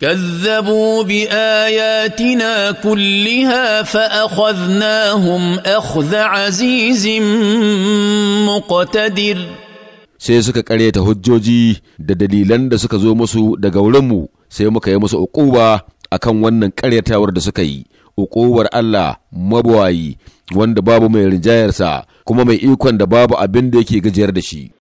كذبوا باياتنا كلها فاخذناهم اخذ عزيز مقتدر sai suka ƙaryata hujjoji da dalilan da suka zo musu daga wurinmu sai muka yi musu uquba akan wannan karyatawar da suka yi uqubar Allah mabawayi wanda babu mai rinjayarsa kuma mai ikon da babu abin da yake gajiyar da shi